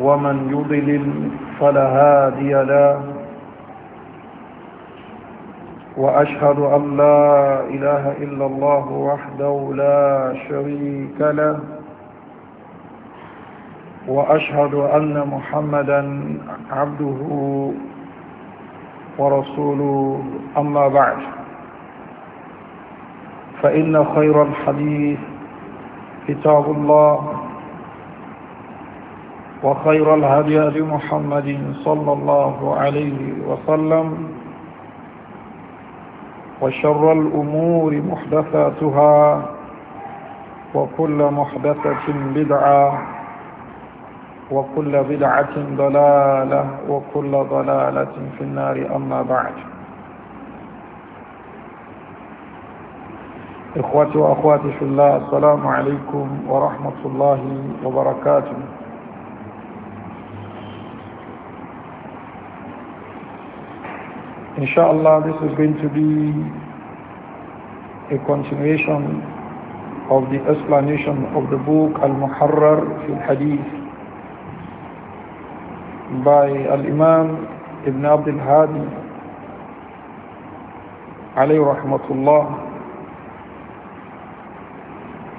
ومن يضلل فلا هادي له وأشهد أن لا إله إلا الله وحده لا شريك له وأشهد أن محمدا عبده ورسوله أما بعد فإن خير الحديث كتاب الله وخير الهدي هدي محمد صلى الله عليه وسلم وشر الأمور محدثاتها وكل محدثة بدعة وكل بدعة ضلالة وكل ضلالة في النار أما بعد إخوتي وأخواتي في الله السلام عليكم ورحمة الله وبركاته Inshallah, this is going to be a continuation of the explanation of the book Al-Muharrar fil Hadith by Al-Imam Ibn Abdul Hadi alayhi rahmatullah.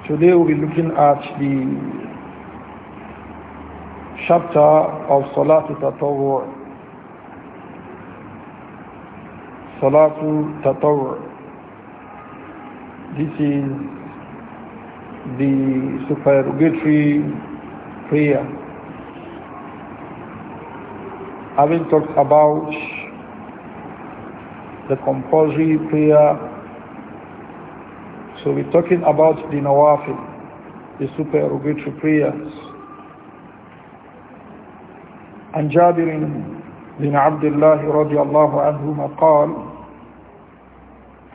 Today we'll be looking at the chapter of Salat al-Tatawwu' Salatu Tatawr. This is the supererogatory prayer. Having talked about the compulsory prayer, so we're talking about the nawafil, the supererogatory prayers. And Jabir بن عبد الله رضي الله عنهما قال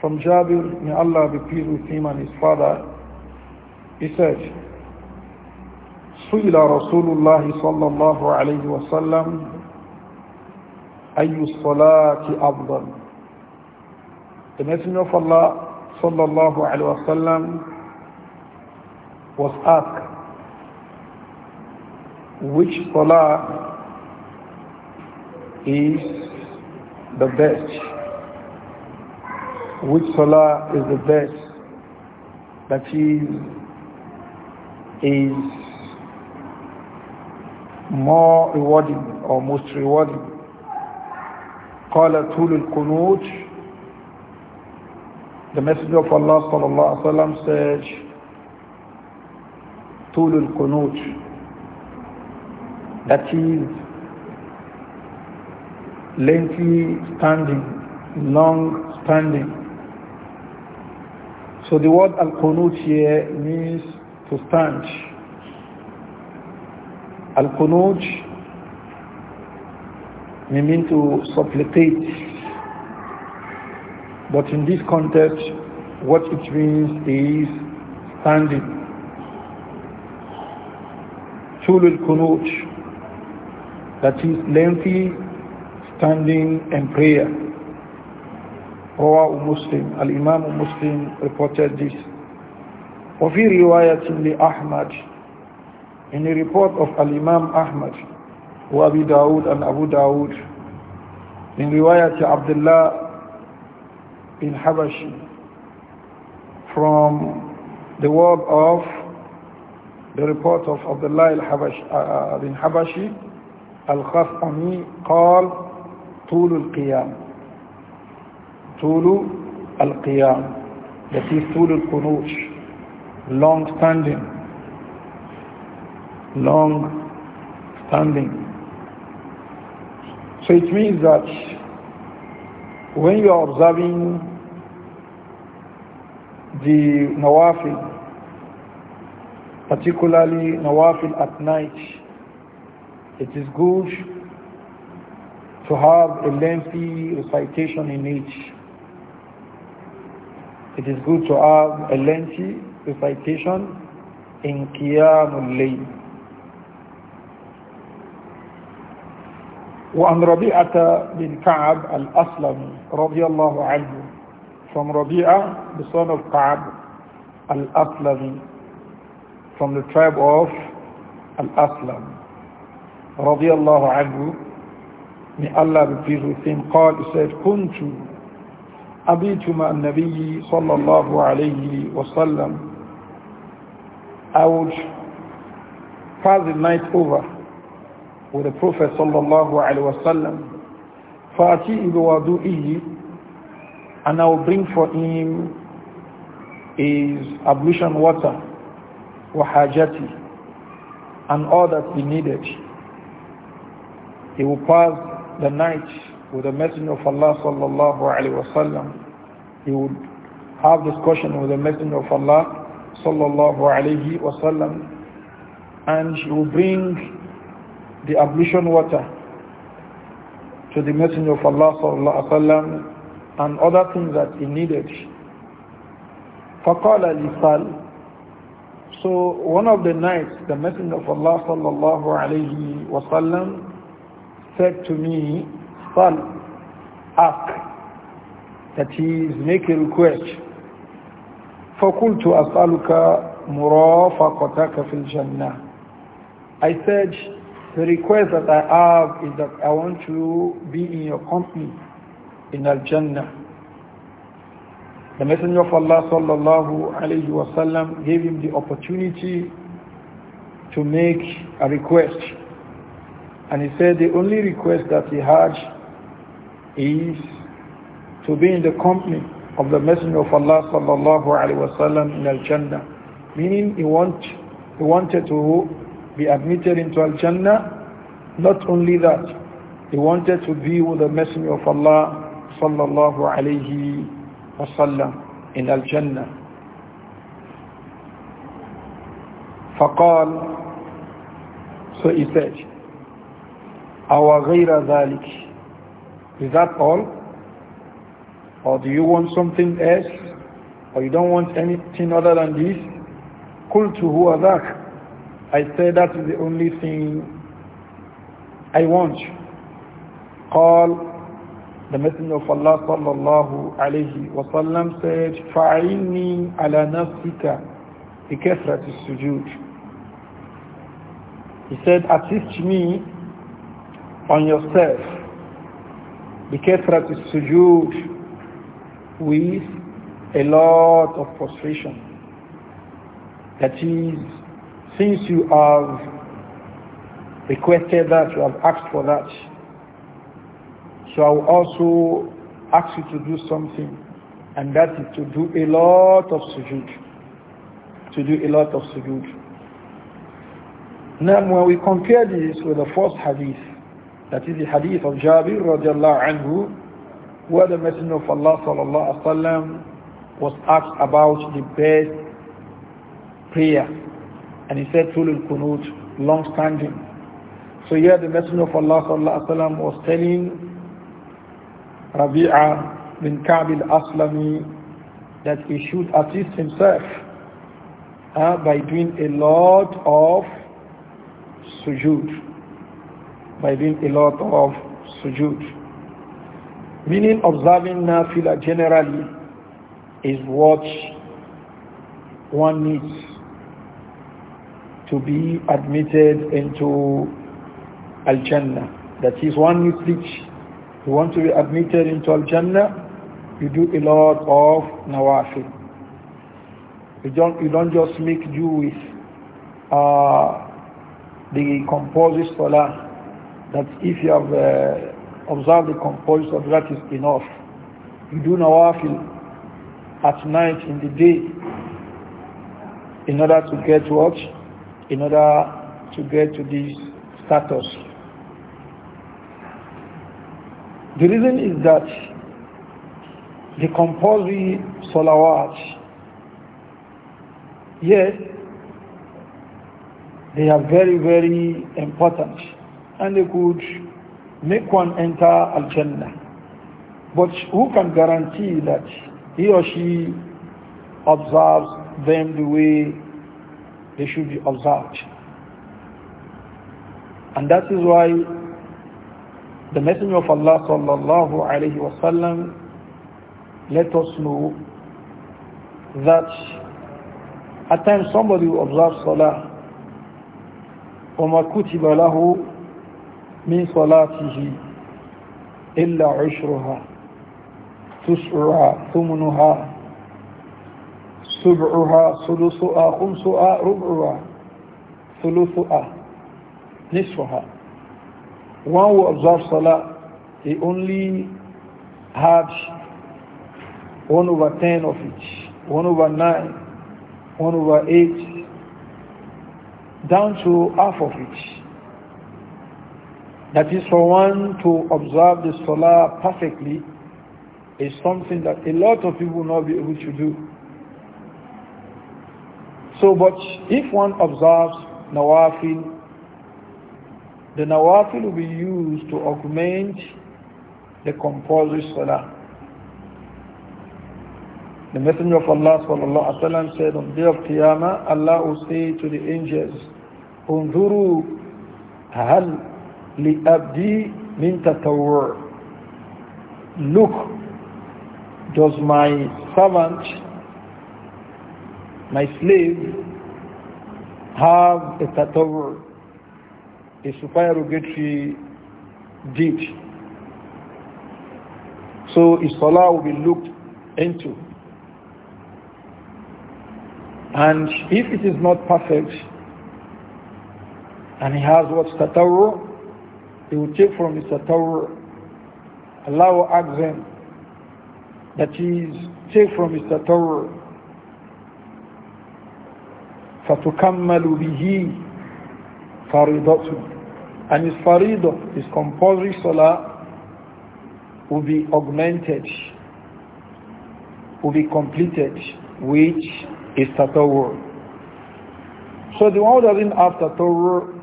From Jabir, may Allah be pleased with him and his father, he said, سئل رسول الله صلى الله عليه وسلم أي الصلاة أفضل The Messenger of Allah صلى الله عليه وسلم was asked which salah is the best? Which salah is the best? That is, is more rewarding or most rewarding. قال طول القنوت The Messenger of Allah الله عليه وسلم says طول القنوت That is lengthy standing, long standing. So the word al-qunut here means to stand. Al-qunut may mean to supplicate. But in this context, what it means is standing. Tulul kunut, that is lengthy standing and prayer. Rawahu Muslim, Al-Imam Muslim reported this. وفي رواية لأحمد In the report of Al-Imam Ahmad, وأبي داود and Abu Dawood, in رواية Abdullah in Habashi, from the word of the report of Abdullah al-Habashi, uh, bin Habashi, al khafani قال طول القيام طول القيام that is طول القنوش long standing long standing so it means that when you are observing the nawafil particularly nawafil at night it is good to have a lengthy recitation in each, It is good to have a lengthy recitation in Qiyamul Layl. وعن ربيعة بن كعب الأسلمي رضي الله عنه from Rabi'ah the son of Ka'ab al-Aslami from the tribe of al-Aslam رضي الله عنه May Allah be pleased with him. Called, he said, Kuntu abitu ma'an nabiyyi sallallahu alayhi wasallam. I would pass the night over with the Prophet sallallahu alayhi wa sallam. Fa'ati'i biwadu'iyyi. And I will bring for him his ablution water. Wahajati. And all that he needed. He will pass the night with the Messenger of Allah sallallahu alaihi wasallam. He would have discussion with the Messenger of Allah sallallahu alaihi wasallam, and he would bring the ablution water to the Messenger of Allah sallallahu alaihi wasallam and other things that he needed. فقال لسال So one of the nights the Messenger of Allah sallallahu alaihi wasallam said to me, Fal, ask. is making a request. فَقُلْتُ أَسْأَلُكَ مُرَافَقَتَكَ فِي الْجَنَّةِ I said, the request that I have is that I want to be in your company in Al-Jannah. The Messenger of Allah sallallahu alayhi wasallam gave him the opportunity to make a request. And he said the only request that he had is to be in the company of the Messenger of Allah sallallahu alaihi wasallam in Al Jannah, meaning he want he wanted to be admitted into Al Jannah. Not only that, he wanted to be with the Messenger of Allah sallallahu alaihi wasallam in Al Jannah. فقال so he said our ghayra ذلك. Is that all? Or do you want something else? Or you don't want anything other than this? to huwa dhak. I say that is the only thing I want. Call the Messenger of Allah صلى الله عليه وسلم said, فَعِلْنِي عَلَى نَفْسِكَ بِكَثْرَةِ السُّجُودِ He said, assist me on yourself to السجود with a lot of frustration. That is, since you have requested that, you have asked for that, so I will also ask you to do something, and that is to do a lot of sujood. To do a lot of sujood. Now, when we compare this with the first hadith, that is the hadith of Jabir radiallahu anhu, where the Messenger of Allah sallallahu alaihi wasallam was asked about the best prayer. And he said, Tulul Kunut, long standing. So here the Messenger of Allah sallallahu alaihi wasallam was telling Rabi'a bin Ka'b al-Aslami that he should assist himself uh, by doing a lot of sujood by doing a lot of sujood. Meaning observing nafila generally is what one needs to be admitted into Al-Jannah. That is one you preach. You want to be admitted into Al-Jannah, you do a lot of nawafil. You don't, you don't just make do with uh, the composite salah that if you have uh, observed the of that is enough. You do nawafil at night, in the day, in order to get what? In order to get to this status. The reason is that the compulsory salawat, yes, they are very, very important and they could make one enter Al-Jannah. But who can guarantee that he or she observes them the way they should be observed? And that is why the Messenger of Allah sallallahu alayhi wasallam let us know that at times somebody will observe salah وَمَا كُتِبَ لَهُ من صلاته إلا عشرها تسعها ثمنها سبعها ثلثها خمسها ربعها ثلثها نصفها One who observes Salah, he only had 1 over 10 of it, 1 over 9, 1 over 8, down to half of it. That is for one to observe the salah perfectly is something that a lot of people will not be able to do. So, but if one observes nawafil, the nawafil will be used to augment the compulsory salah. The Messenger of Allah sallallahu alaihi wasallam said on the day of Qiyamah, Allah will say to the angels, "Unzuru لأبدي من تطور Look, does my servant, my slave, have a tatawur, a supererogatory deed? So his salah will be looked into. And if it is not perfect, and he has what tatawur, they will take from Mr. tatawur. Allah will ask them is take from his tatawur. فَتُكَمَّلُ بِهِ فَرِضَةٌ And his faridah, his compulsory salah, will be augmented, will be completed, which is tatawur. So the one who doesn't have tatawur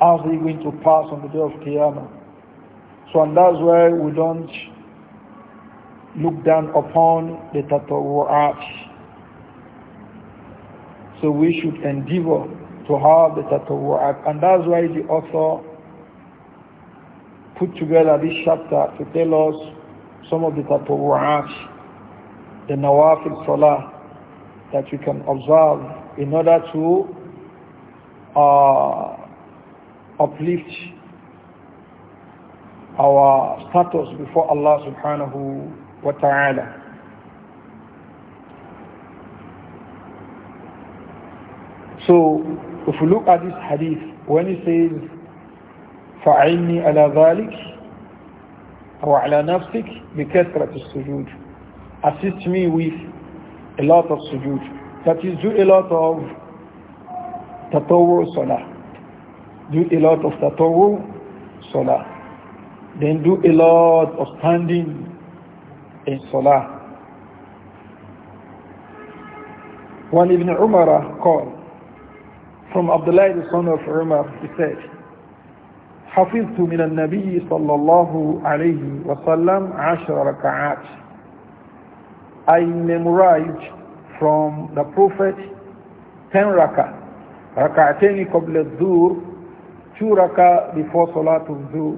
are they going to pass on the day of Qiyamah? So and that's why we don't look down upon the tatawu'at. So we should endeavor to have the tatawu'at. And that's why the author put together this chapter to tell us some of the tatawu'at, the nawafil salah that we can observe in order to uh, uplift our status before Allah subhanahu wa ta'ala. So if we look at this hadith, when it says, فَعِلْنِي عَلَى ذَلِكَ أو على نفسك بكثرة السجود assist me with a lot of sujood that is do a lot of tatawur salah do a lot of tatawu salah then do a lot of standing in salah One evening, Umar called from Abdullah the son of Umar he said حفظت من النبي صلى الله عليه وسلم عشر ركعات I memorized from the Prophet 10 ركعات ركعتين قبل الظهر شوركا بفو صلاة الظهر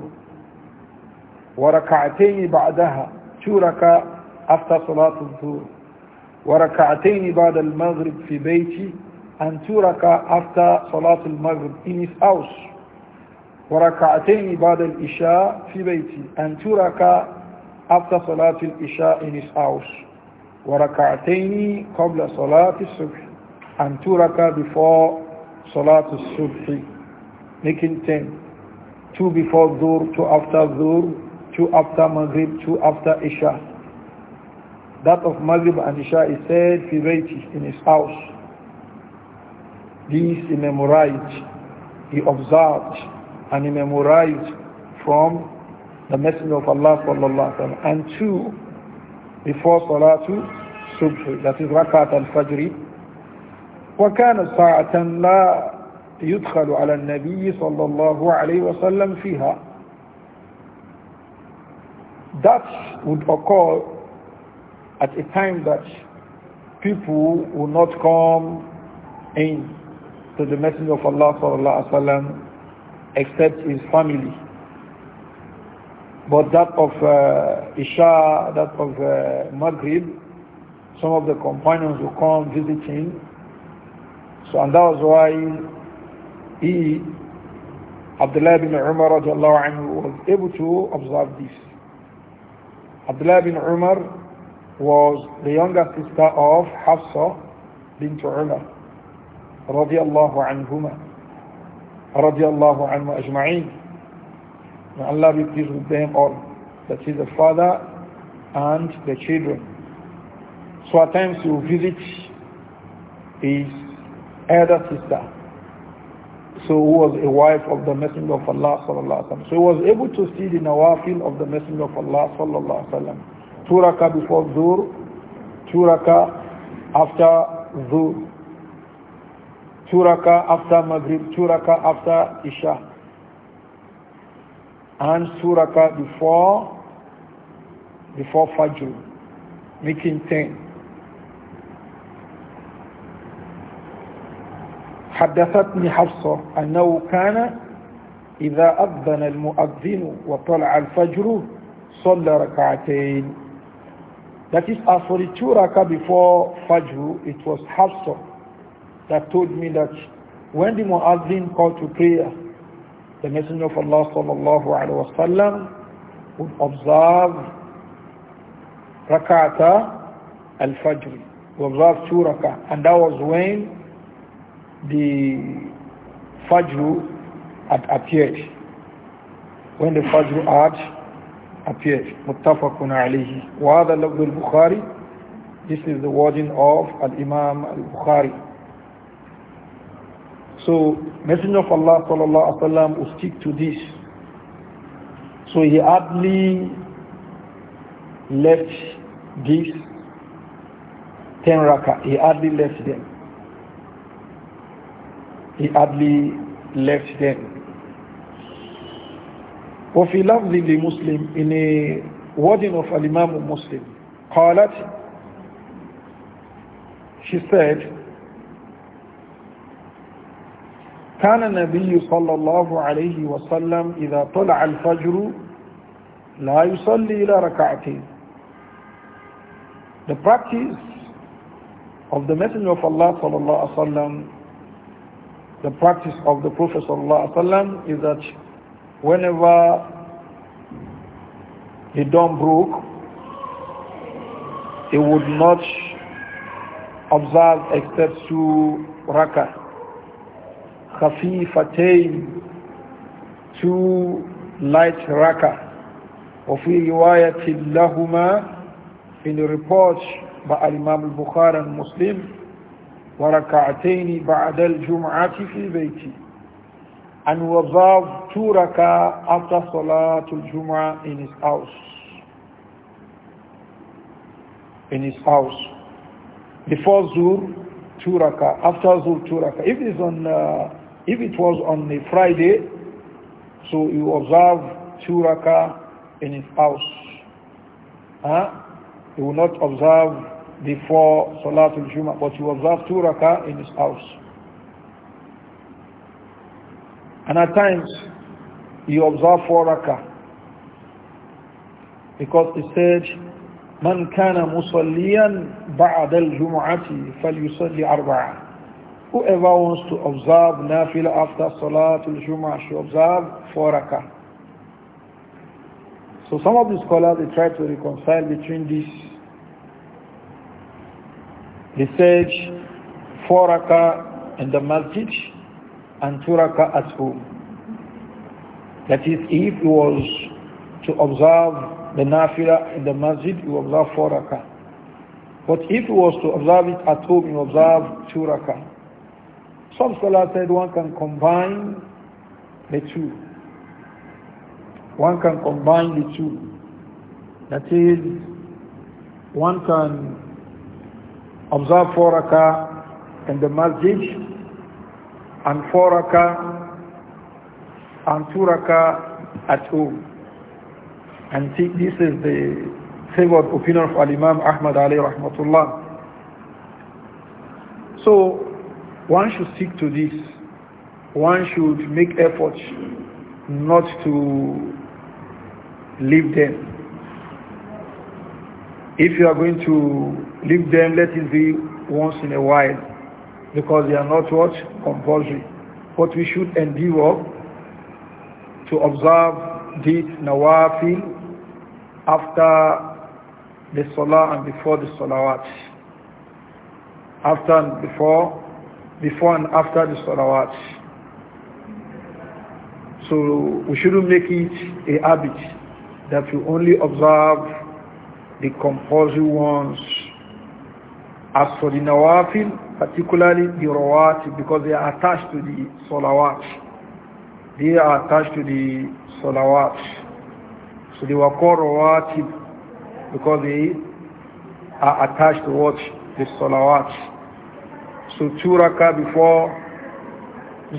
وركعتين بعدها شوركا أفتى صلاة الظهر وركعتين بعد المغرب في بيتي أن شوركا أفتى صلاة المغرب إنس أوش وركعتين بعد الإشاء في بيتي أن شوركا أفتى صلاة الإشاء إنس أوش وركعتين قبل صلاة الصبح أن تركا بفو صلاة الصبح making ten. Two before Dhuhr, two after Dhuhr, two after Maghrib, two after Isha. That of Maghrib and Isha is said fi in his house. This he memorized, he observed, and he memorized from the Messenger of Allah sallallahu alaihi And two, before Salatu Subh, that is Rakat al-Fajr. وكان ساعة لا يدخل على النبي صلى الله عليه وسلم فيها that would occur at a time that people will not come in to the Messenger of Allah sallallahu alaihi wasallam except his family. But that of uh, Isha, that of uh, Maghrib, some of the companions will come visiting. So and that was why he, Abdullah bin Umar anhu, was able to observe this. Abdullah bin Umar was the younger sister of Hafsa bint Umar radiallahu anhuma radiallahu anhu ajma'in. May Allah be pleased with them all. That is the father and the children. So at times he visit his elder sister so who was a wife of the Messenger of Allah sallallahu alaihi So he was able to see the nawafil of the Messenger of Allah sallallahu alaihi Two raka before dhuhr, two raka after dhuhr, two raka after maghrib, two after isha, and two raka before before fajr, making ten. حدثتني حفصة أنه كان إذا أذن المؤذن وطلع الفجر صلى ركعتين That is, as two raka before Fajr, it was Hafsa that told me that when the Muazzin called to prayer, the Messenger of Allah sallallahu alaihi wasallam would observe rakata al-Fajr, observe two rak'ah, and that was when the Fajr had appeared. When the Fajr had appeared. Muttafaqun alayhi. Wa hadha al-Bukhari. This is the wording of Al-Imam Al-Bukhari. So, Messenger of Allah sallallahu alaihi wasallam will stick to this. So he hardly left this ten rakah. He hardly left them he hardly left them. وفي لفظ لمسلم in a wording of الإمام مسلم قالت she said كان النبي صلى الله عليه وسلم إذا طلع الفجر لا يصلي إلى ركعتين The practice of the Messenger of Allah صلى الله عليه وسلم the practice of the Prophet ﷺ is that whenever the dawn broke, he would not observe except two rakah, khafifatayn, two light rakah. وفي رواية لهما in the report by Imam al-Bukhari and Muslim وركعتين بعد الجمعة في بيتي and we observe two rakah after Salatul in his house. In his house. Before Zur, türaka After Zur, türaka. If, it's on, uh, if it was on a Friday, so you observe türaka in his house. Huh? You will not observe before Salatul Jum'ah, but he observe two rakah in his house. And at times, he observe four rakah. Because he said, من كان مصليا بعد الجمعة فليصلي أربعة. Whoever wants to observe nafila after Salatul Jum'ah should observe four rakah. So some of the scholars, they try to reconcile between these he said, four rakah in the masjid and two rakah at home. That is, if he was to observe the nafila in the masjid, he would observe four rakah. But if he was to observe it at home, he would observe two rakah. Some scholars said one can combine the two. One can combine the two. That is, one can observe four rakah in the masjid and four rakah and two rakah at home. And see, this is the favored opinion of Al-Imam Ahmad alayhi Rahmatullah. So one should stick to this. One should make efforts not to leave them. If you are going to Leave them, let it be once in a while, because they are not what? Compulsory. But we should endeavor to observe this nawafil after the salah and before the salawat. After and before, before and after the salawat. So we shouldn't make it a habit that we only observe the compulsory ones as for nawafil, particularly the rawatib, because they are attached to the salawat. They are attached to the salawat. So they were called rawatib because they are attached to what? The salawat. So two raka before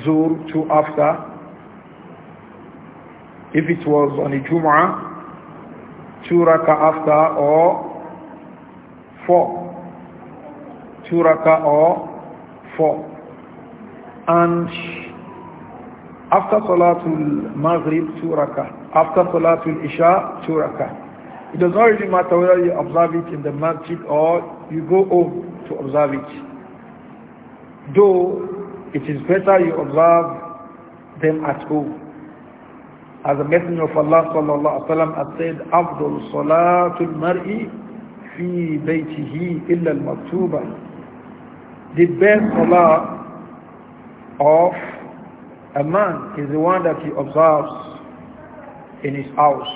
zuhr, two after. If it was on a Jum'ah, two raka after or four two or four. And after Salatul Maghrib, two rakah. After Salatul Isha, two It does not really matter whether you observe it in the masjid or you go home to observe it. Though it is better you observe them at home. As the Messenger of Allah sallallahu alaihi wasallam has said, "Abdul salatul mar'i fi baytihi illa al-maktuba." the best salah of a man is the one that he observes in his house.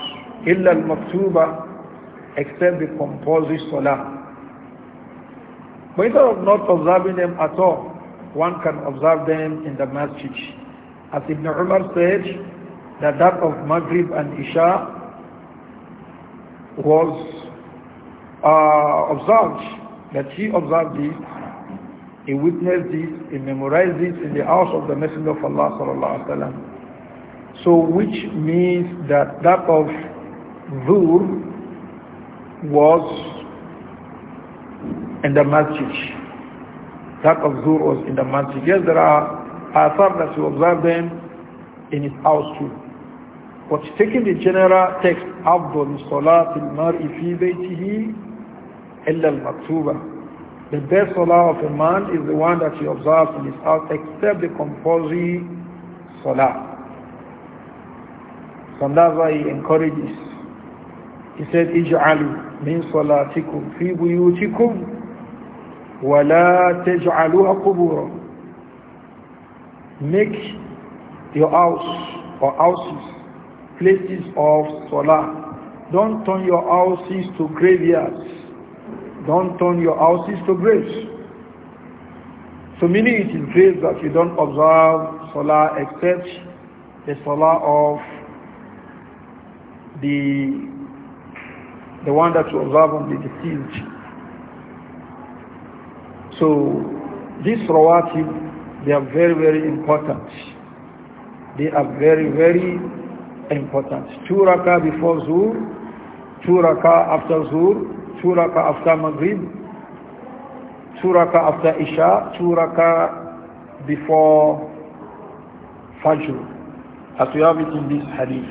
Illa al-maktuba, except the compulsory salah. But instead of not observing them at all, one can observe them in the masjid. As Ibn Umar said, that that of Maghrib and Isha was uh, observed, that he observed these he witnessed this, he memorized this in the house of the Messenger of Allah sallallahu alaihi So which means that that of Dhur was in the masjid. That of Dhur was in the masjid. Yes, there are Athar that you observe them in his house too. But taking the general text, أفضل صلاة المرء في بيته إلا المكتوبة the best salah of a man is the one that he observes in his house except the compulsory salah. So that's why he encourages. He said, اجعلوا من صلاتكم في بيوتكم ولا تجعلوها قبورا. Make your house or houses places of salah. Don't turn your houses to graveyards. Don't turn your houses to graves. So meaning it is graves that you don't observe Salah except the Salah of the the one that you observe on the deceased. So these rawatib, they are very, very important. They are very, very important. Two rakah before Zuhr, two rakah after Zuhr, سورة كأفتا مغرب سورة كأفتا إشاء سورة كا two before Fajr, as we have it in this hadith.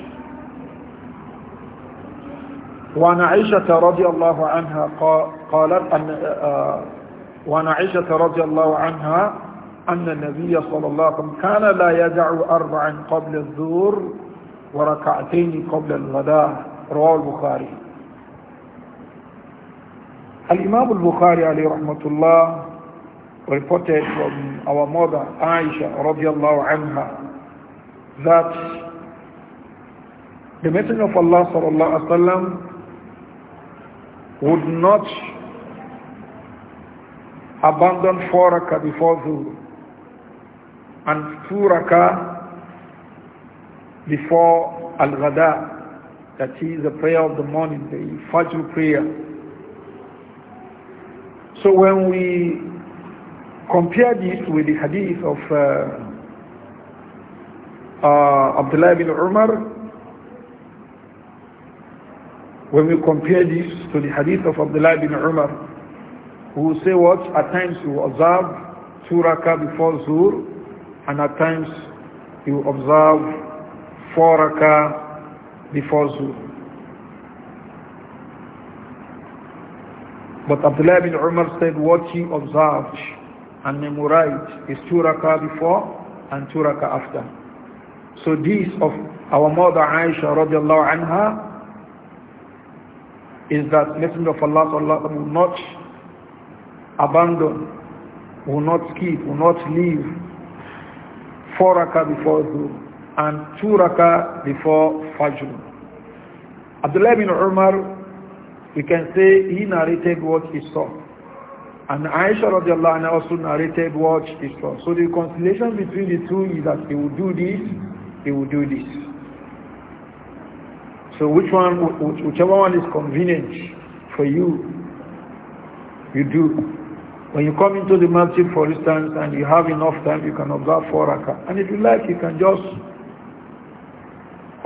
وعن عائشة رضي الله عنها قالت أن آه، وعن عائشة رضي الله عنها أن النبي صلى الله عليه وسلم كان لا يدع أربعا قبل الظهر وركعتين قبل الغداء رواه البخاري Al-Imam al-Bukhari alayhi rahmatullah reported from our mother Aisha radiallahu anha that the Messenger of Allah sallallahu alaihi wasallam would not abandon four raka before Zuhr and two raka before Al-Ghada that is the prayer of the morning, the Fajr prayer so when we compare this with the hadith of uh, uh, Abdullah bin Umar, when we compare this to the hadith of Abdullah bin Umar, who say what? At times you observe two rakah before zuhr, and at times you observe four rakah before zuhr. But Abdullah bin Umar said what he observed and memorized is two raka before and two raka after. So this of our mother Aisha radiallahu anha is that Messenger of Allah sallallahu will not abandon, will not skip, will not leave four raka before Dhuhr and two raka before Fajr. Abdullah bin Umar we can say he narrated what he saw. And Aisha radiallahu anha also narrated what he saw. So the conciliation between the two is that he will do this, he will do this. So which one, whichever one is convenient for you, you do. When you come into the masjid, for instance, and you have enough time, you can observe four rakah. And if you like, you can just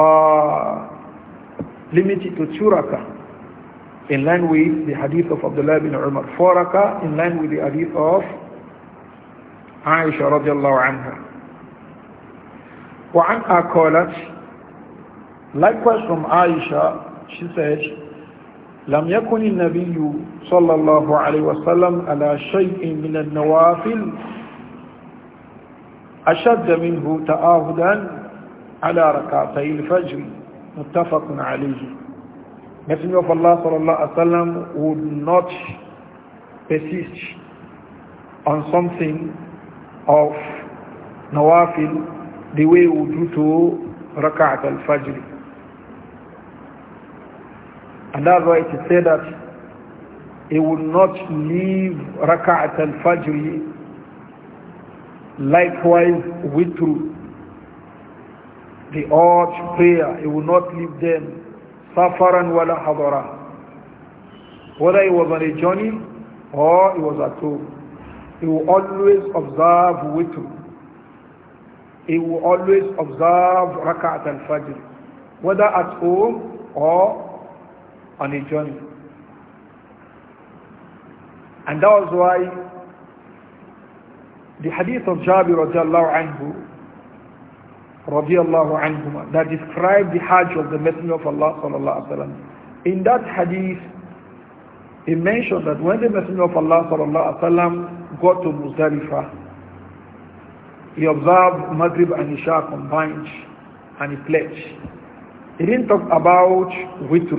uh, limit it to two rakah in line with the hadith of Abdullah bin Umar. Four in line with the hadith of Aisha radiallahu anha. وعنها قالت Likewise from Aisha, she said, لم يكن النبي صلى الله عليه وسلم على شيء من النوافل أشد منه تآهدا على ركعتي الفجر متفق عليه Messenger of Allah sallallahu alaihi would not persist on something of nawafil the way we do to rak'at al-fajr. And that's why it is said that he would not leave rak'at al-fajr likewise with the odd prayer, he would not leave them safaran wala hadara. Whether he was on a journey or he was at home, he will always observe witr. He will always observe rakat al-fajr, whether at home or on a journey. And that was why the hadith of Jabir radiallahu anhu that described the Hajj of the Messenger of Allah sallallahu alaihi wasallam. In that hadith, he mentioned that when the Messenger of Allah sallallahu alaihi wasallam got to Muzdalifah, he observed Maghrib and Isha combined and he pledged. He didn't talk about witr.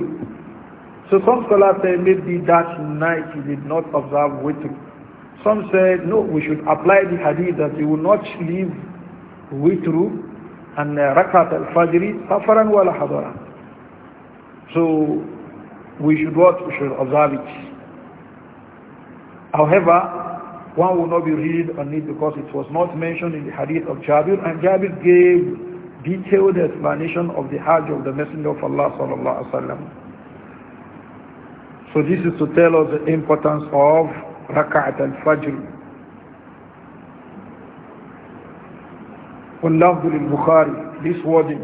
So some scholars say maybe that night he did not observe witr. Some said no, we should apply the hadith that he will not leave witr and rakat al-fajr safaran wa hadara so we should what we should observe it however one will not be read on it because it was not mentioned in the hadith of Jabir and Jabir gave detailed explanation of the Hajj of the Messenger of Allah sallallahu alaihi wasallam so this is to tell us the importance of rakat al-fajr واللفظ للبخاري بسود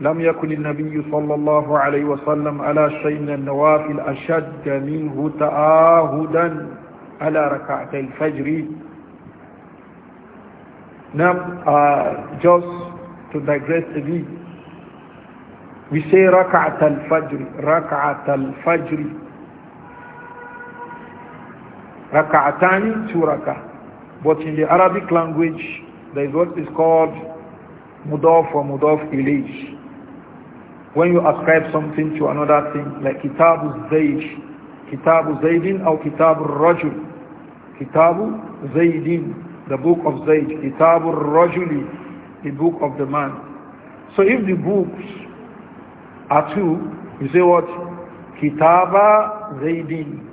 لم يكن النبي صلى الله عليه وسلم على شيء من النوافل أشد منه تآهدا على ركعت الفجر نعم جوز uh, just to digress a bit, we say ركعة الفجر ركعت الفجر ركعتان two but in the Arabic language There is what is called mudaf or mudaf ilayh. When you ascribe something to another thing, like kitabu zayd, kitabu zaydin or kitabu rajul, kitabu zaydin, the book of zayd, kitabu rajuli, the book of the man. So if the books are two, you say what? Kitaba zaydin.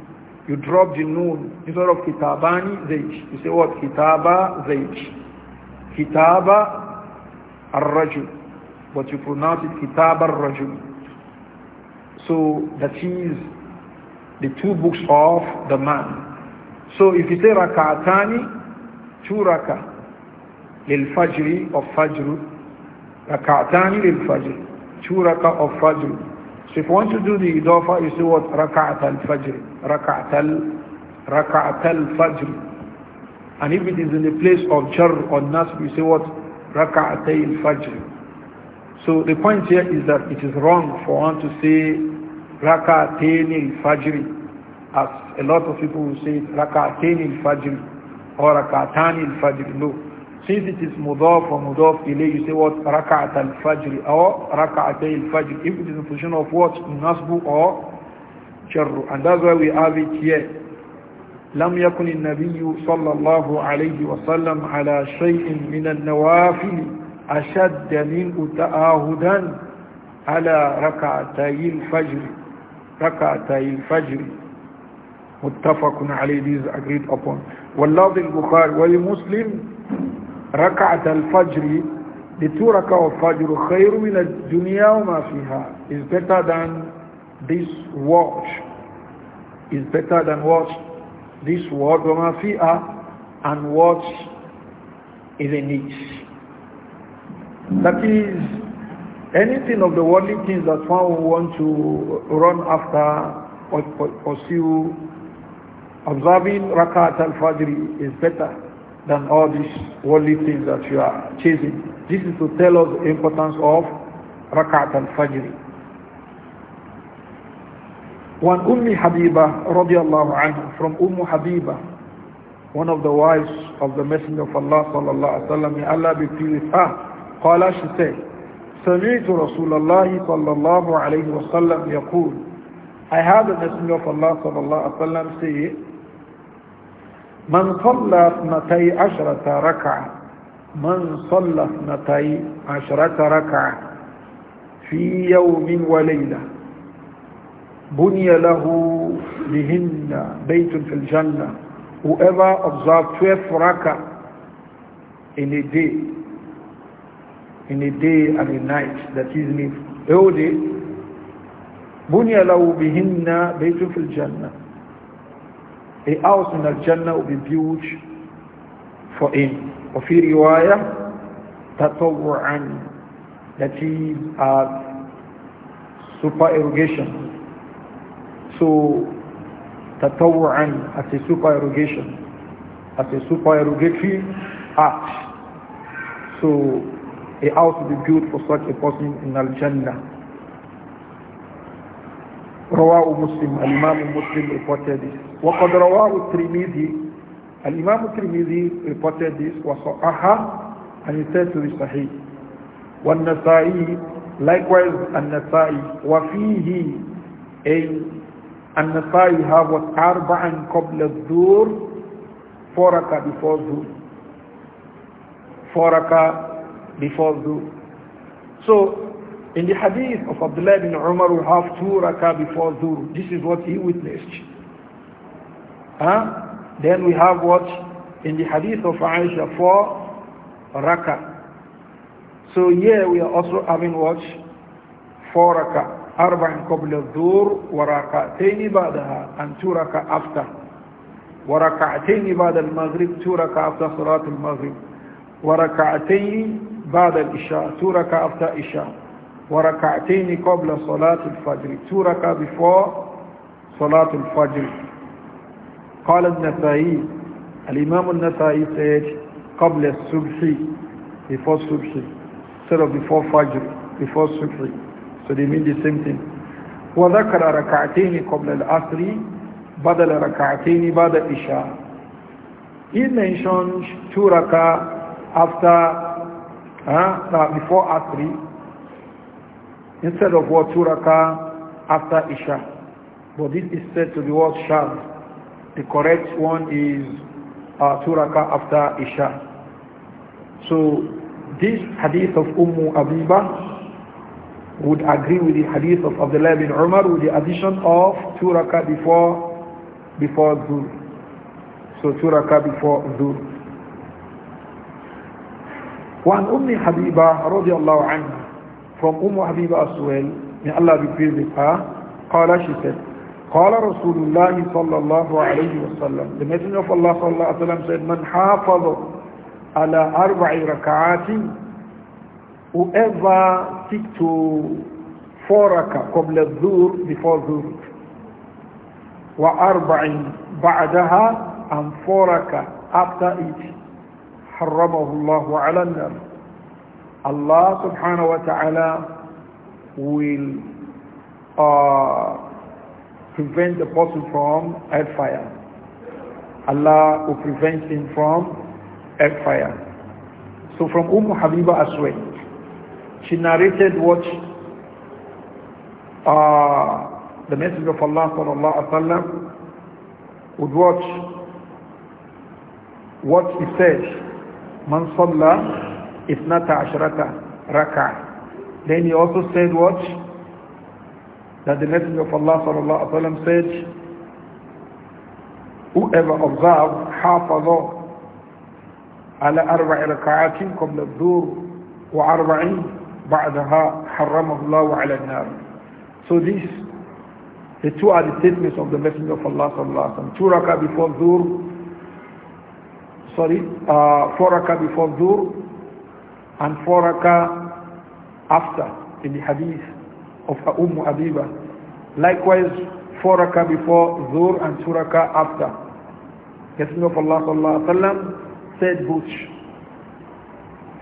You drop the noon instead of kitabani zayd. You say what? Kitaba zayd. Kitaba ar-Rajul. But you pronounce it Kitaba ar-Rajul. So that is the two books of the man. So if you say Rakatani, two Raka, Lil Fajri of Fajr, Rakatani Lil Fajr, two Raka of Fajr. So if you want to do the idafa, you say what? Raka'at al-Fajr. Raka'at al-Fajr. And if it is in the place of jar or nasb, you say what? rakaatayil fajr So the point here is that it is wrong for one to say raka'atay fajr as a lot of people will say raka'atay fajr or raka'atani fajr No. Since it is mudaf or mudaf ilay, you say what? Raka'at fajr or rakaatayil fajr If it is in position of what? Nasbu or jarru. And that's why we have it here. لم يكن النبي صلى الله عليه وسلم على شيء من النوافل أشد من تآهدا على ركعتي الفجر ركعتي الفجر متفق عليه this agreed upon واللفظ البخاري والمسلم ركعة الفجر لتركة الفجر خير من الدنيا وما فيها is better than this watch is better than watch this word وَمَا فِيهَا and what is in it. That is anything of the worldly things that one will want to run after or pursue. Observing Rakat al-Fajr is better than all these worldly things that you are chasing. This is to tell us the importance of Rakat al-Fajr. وان One Ummi Habiba radiallahu anhu from Ummu حبيبه one of the wives of the Messenger of Allah صلى الله عليه وسلم may Allah be pleased with her. قال she said, سمعت رسول الله صلى الله عليه وسلم يقول I heard the Messenger of Allah صلى الله عليه وسلم say من صلى اثنتي عشرة ركعة من صلى اثنتي عشرة ركعة في يوم وليلة بني له بهن بيت في الجنة whoever observes 12 rakah in a day in a day and a night that is me whole day بني له بهن بيت في الجنة a house in الجنة will be built for him وفي رواية تطوعا that is a supererogation so, tatawu'an as a supererogation, as a supererogatory act. So, a house will be built for such a person in Al-Jannah. رواه مسلم الإمام مسلم reported this وقد رواه الترمذي الإمام الترمذي reported this وصححه and he said to the Sahih والنسائي likewise النسائي وفيه a and النسائي have what أربعا قبل الظهر four raka before zuhr four raka before zuhr so in the hadith of Abdullah bin Umar we have two raka before zuhr this is what he witnessed huh? then we have what in the hadith of Aisha four raka so here we are also having what four raka أربع قبل الظهر وركعتين بعدها أن ترك أفتح وركعتين بعد المغرب ترك أفتح صلاة المغرب وركعتين بعد الإشاء ترك أفتح إشاء وركعتين قبل صلاة الفجر ترك before صلاة الفجر قال النسائي الإمام النسائي سيد قبل الصبح before الصبح instead of before فجر before الصبح So they mean the same thing. وذكر ركعتين قبل العصر بدل ركعتين بعد العشاء. He mentions two raka after, uh, uh, before Asri, instead of what two raka after Isha. But this is said to be what shad. The correct one is uh, two raka after Isha. So this hadith of Ummu Abiba would agree with the hadith of Abdullah bin Umar with the addition of two rakah before before Dhuhr. So two rakah before Dhuhr. وعن أم حبيبة رضي الله عنها from أم حبيبة as well may Allah be pleased with her قال she said قال رسول الله صلى الله عليه وسلم the messenger of Allah صلى الله عليه وسلم said من حافظ على أربع ركعات whoever stick to four raka qabla dhuhr before dhuhr wa arba'in ba'daha and four raka after it حرمه الله على النار Allah subhanahu wa ta'ala will uh, prevent the person from hellfire. Allah will prevent him from hellfire. So from Umm Habiba as well she narrated what uh, the Messenger of Allah sallallahu alaihi wasallam would watch what he said man salla ithnata ashrata raka then he also said what that the messenger of Allah sallallahu alaihi wasallam said whoever observes hafaza ala arba'i rak'atin qabla ad-dhuhr wa arba'in بعدها حرمه الله على النار so these the two are the statements of the messenger of Allah sallallahu alaihi wasallam two rakah before dhuhr sorry uh, four rakah before dhuhr and four rakah after in the hadith of Umm Habiba likewise four rakah before dhuhr and two rakah after messenger of Allah sallallahu alaihi wasallam said which,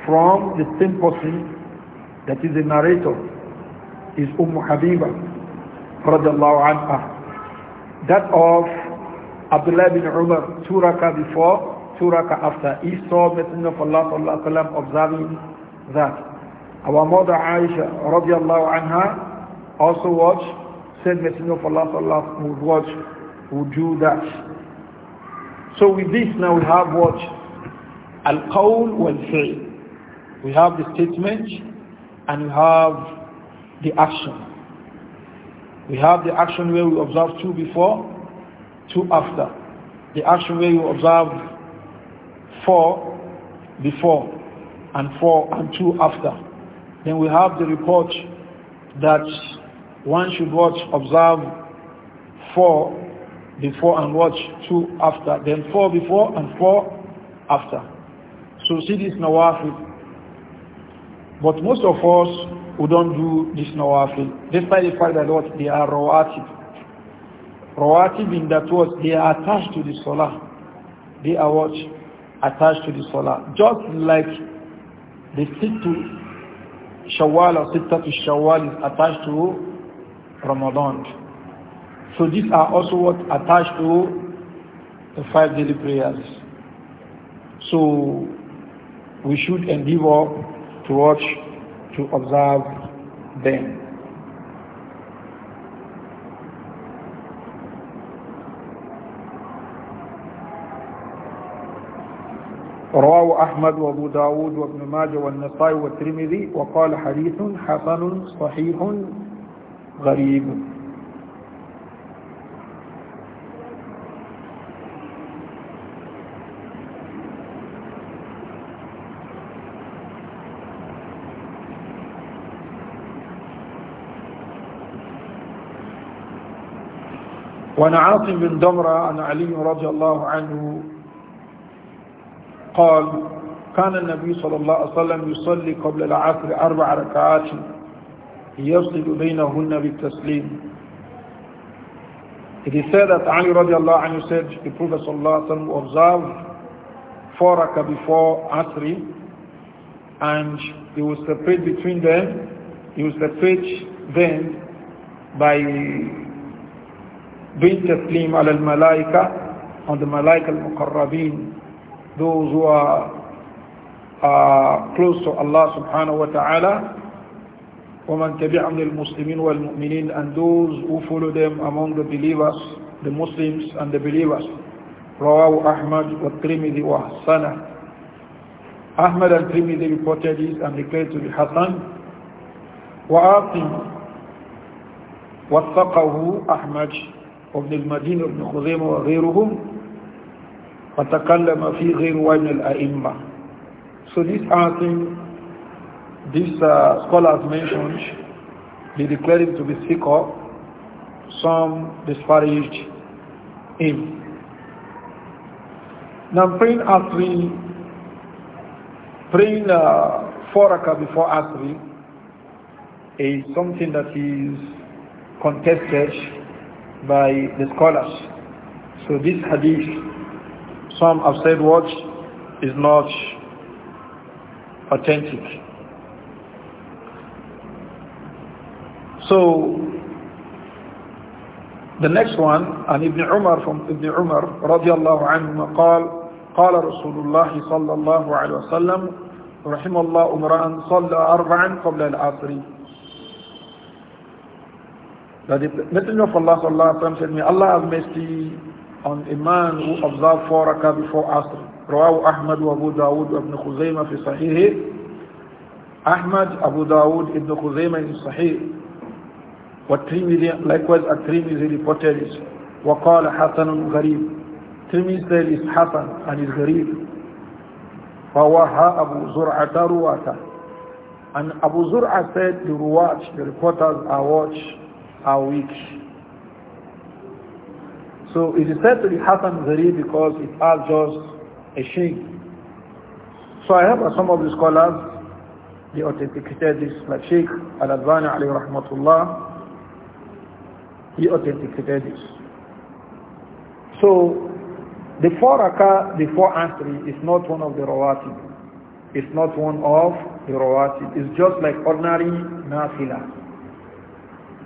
from the same person that is the narrator is Umm Habiba radiallahu anha. That of Abdullah ibn Umar, two rakah before, two rakah after. He saw Messenger of Allah sallallahu alayhi wa observing that. Our mother Aisha radiallahu anha also watched, said Messenger of Allah sallallahu would watch, would do that. So with this now we have what? Al-Qawl wal-Fi'l. We have the statement and you have the action. We have the action where we observe two before, two after. The action where you observe four before and four and two after. Then we have the report that one should watch, observe four before and watch two after, then four before and four after. So see this nawafil but most of us who don't do this nawafil, despite the fact that what they are rawatib. Rawatib in that what they are attached to the salah. They are what? Attached to the salah. Just like the to Shawwal or to Shawwal is attached to Ramadan. So these are also what attached to the five daily prayers. So we should endeavor to watch, to observe them. رواه أحمد وابو داود وابن ماجه والنصائي والترمذي وقال حديث حسن صحيح غريب وعن عاصم بن ضمرة عن علي رضي الله عنه قال كان النبي صلى الله عليه وسلم يصلي قبل العصر أربع ركعات يصل بينهن بالتسليم It is said that Ali الله عنه said, the Prophet صلى الله عليه وسلم observed four rakah before Asri, and he will separate between them, he will separate them by بالتسليم على الملائكة malaika on the malaika al-muqarrabin, those who are uh, close to Allah subhanahu wa ta'ala, وَمَنْ تَبِعَهُمْ لِلْمُسْلِمِينَ وَالْمُؤْمِنِينَ And those who follow them among the believers, the Muslims and the believers. رواه أحمد والترمذي وحسنه أحمد الترمذي reported this and declared to be Hassan. وَآقِمْ وَثَّقَهُ أحمد وابن المدين وابن خزيمة وغيرهم وتكلم في غير وين الأئمة So this thing these uh, scholars mentioned, they declared him to be sick of some disparaged him. Now praying Asri, praying uh, four before Asri is something that is contested by the scholars. So this hadith, some have said what is not authentic. So the next one, and Ibn Umar from Ibn Umar radiallahu anhu قال قال رسول الله صلى الله عليه وسلم رحم الله امرأ صلى أربعا قبل العصر that the Messenger of Allah sallallahu alaihi said, May Allah have mercy on a man who observed four rakah before Asr. Rawahu Ahmad wa Abu Dawud wa Ibn Khuzaymah fi Sahih. Ahmad, Abu Dawud, Ibn Khuzaymah in Sahih. likewise الترمذي reported it وقال حسن غريب ترمذي said is حسن and is غريب فوها أبو زرعة رواته and Abu Zur'a said the watch, the reporters are watch are weak. So it is said to be Hassan Zari because it has just a shaykh. So I have some of the scholars, they authenticated this, like Sheikh Al-Advani alayhi rahmatullah, he authenticated this. So the four rakah four answering is not one of the rawatib. It's not one of the rawatib. It's just like ordinary nafilah.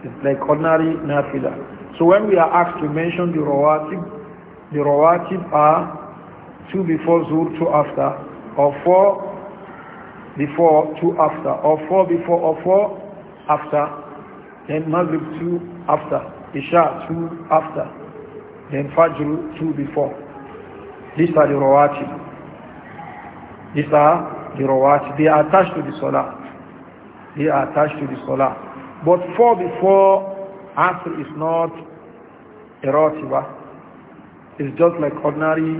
It's like ordinary nafila. So when we are asked to mention the rawatib, the rawatib are two before zuhr, two after, or four before, two after, or four before, or four after, then maghrib, two after, isha, two after, then fajr, two before. These are the rawatib. These are the rawatib. They are attached to the salah. They are attached to the salah. But four before Asr is not a rotiba. It's just like ordinary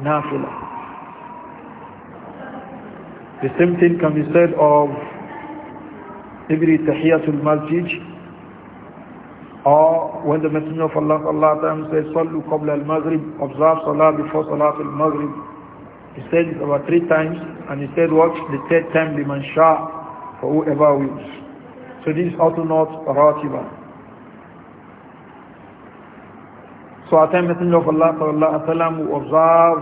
nafila. The same thing can be said of every tahiyatul masjid or when the Messenger of Allah Allah says said Sallu qabla al-maghrib, observe salah before al maghrib. He said it about three times and he said watch The third time, liman shah, for whoever wills. So this is how to not ratiba. So at the Messenger of Allah sallallahu alaihi wasallam will observe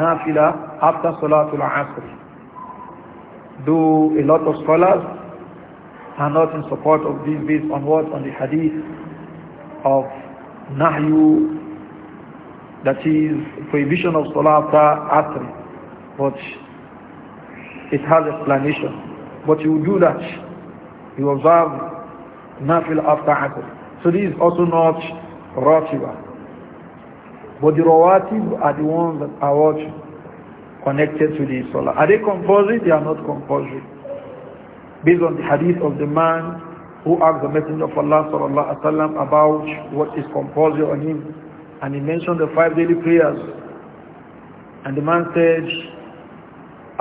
nafila after Salatul Asr. Do a lot of scholars are not in support of this based on what? On the hadith of Nahyu that is prohibition of Salah after Asr. But it has explanation. But you do that he observe Nafil after that. So this is also not Ratiba. But the Rawatib are the ones that are what connected to the Salah. Are they compulsory? They are not compulsory. Based on the hadith of the man who asked the Messenger of Allah sallallahu alaihi about what is compulsory on him. And he mentioned the five daily prayers. And the man said,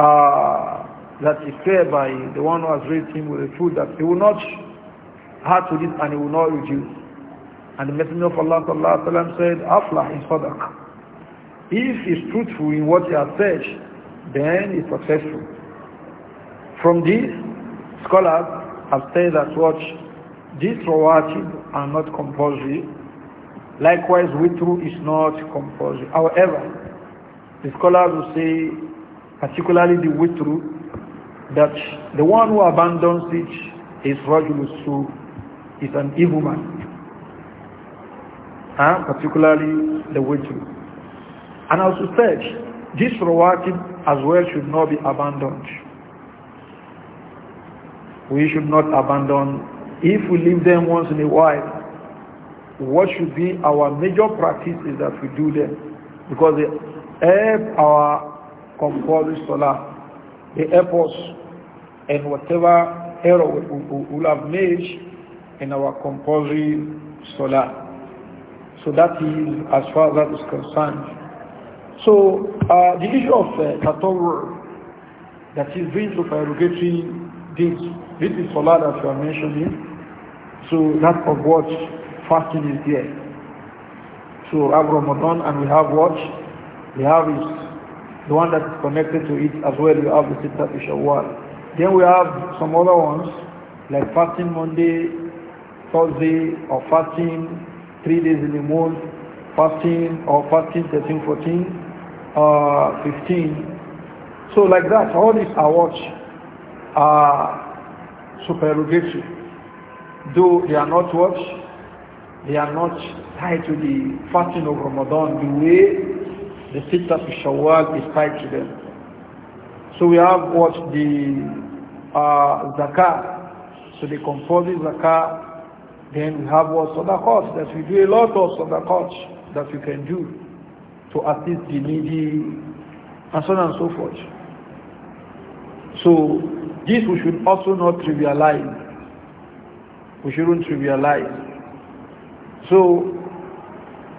uh, that is paid by the one who has raised him with the truth that he will not hurt to this and he will not reduce. And the Messenger of Allah sallallahu sallam, said, Aflah is sadaq. If he is truthful in what he has said, then he is successful. From this, scholars have said that what these rawatib are not compulsory. Likewise, witru is not compulsory. However, the scholars will say, particularly the witru, that the one who abandons it is Rajulusu, is an evil man. Huh? Particularly the witru. And as such, said, this rawatib as well should not be abandoned. We should not abandon. If we leave them once in a while, what should be our major practice is that we do them because they help our compulsory solar. The efforts and whatever error we, will have made in our compulsory solar, So that is as far as that is concerned. So uh, the issue of uh, tatawur, that is being supererogatory deeds, this is solar that you are mentioning. So that of what fasting is there. So we have Ramadan and we have what? We have is the one that is connected to it as well, we have the Sittat Shawwal. Then we have some other ones, like fasting Monday, Thursday, or fasting three days in the month, fasting or fasting 13, 14, uh, 15. So like that, all these are what are supererogatory. Though they are not what? They are not tied to the fasting of Ramadan the way the fifth of Shawwal is tied to them. So we have what the uh, zakah, so the compulsory zakah, then we have what sadaqat, that we do a lot of sadaqat that we can do to assist the needy and so on and so forth. So this we should also not trivialize. We shouldn't trivialize. So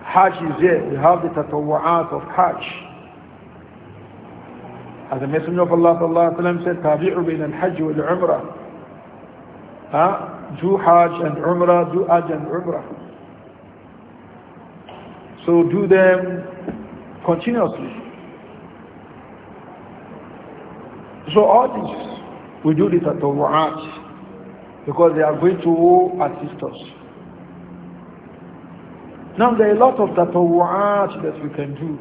Hajj is there. We have the tatawa'at of Hajj. As the Messenger of Allah وسلم, said, Tabi'u bin al-Hajj wal Umrah. Huh? Do Hajj and Umrah, do Hajj and Umrah. So do them continuously. So all this, we do this at because they are going to assist us. Now there are a lot of tatawu'at that we can do.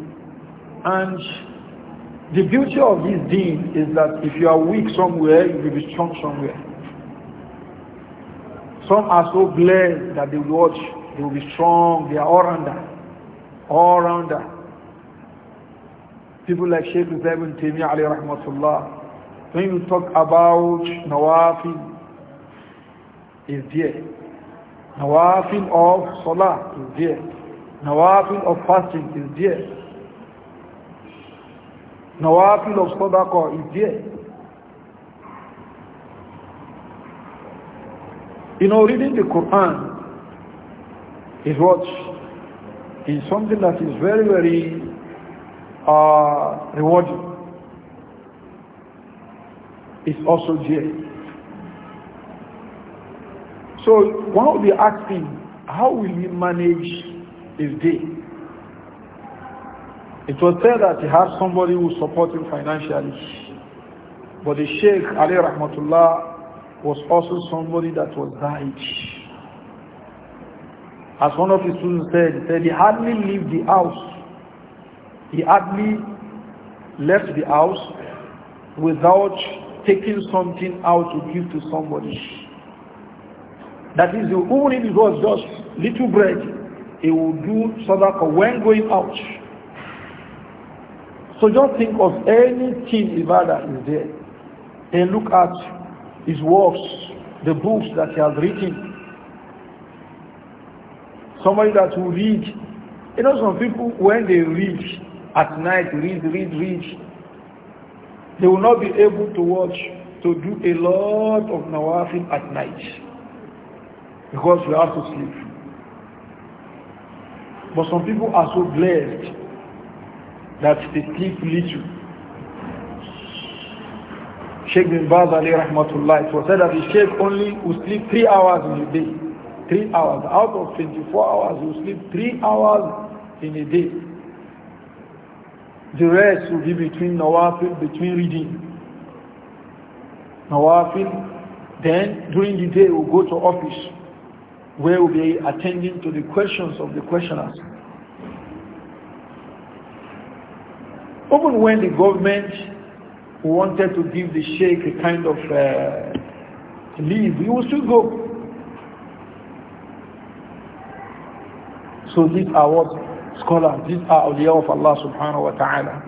And the beauty of this deen is that if you are weak somewhere, you will be strong somewhere. Some are so blessed that they watch, they will be strong, they are all-rounder. All-rounder. People like Sheikh Ibn Taymiyyah alayhi rahmatullah. When you talk about Nawafi, is there. Nawafil of Salah is there. Nawafil of fasting is there. Nawafil of Sadaqah is there. You know, reading the Quran is what is something that is very, very uh, rewarding. It's also there. So one will be asking, how will he manage his day? It was said that he had somebody who supported him financially. But the Sheikh Ali Rahmatullah was also somebody that was rich. As one of his students said, he said he hardly left the house. He hardly left the house without taking something out to give to somebody. That is, even if it was just little bread, he would do sadaqah when going out. So just think of anything Ibadah is there and look at his works, the books that he has written. Somebody that will read. You know some people when they read at night, read, read, read, they will not be able to watch, to do a lot of nawafil at night because you have to sleep. But some people are so blessed that they sleep little. Sheikh bin Baz Ali Rahmatullah, it was said that the Sheikh only will sleep three hours in a day. Three hours. Out of 24 hours, you sleep three hours in a day. The rest will be between Nawafil, between reading. Nawafil, then during the day we'll go to office where we'll be attending to the questions of the questioners. Even when the government wanted to give the sheikh a kind of uh, leave, he would still go. So these are what scholars, these are awliya of Allah subhanahu wa ta'ala.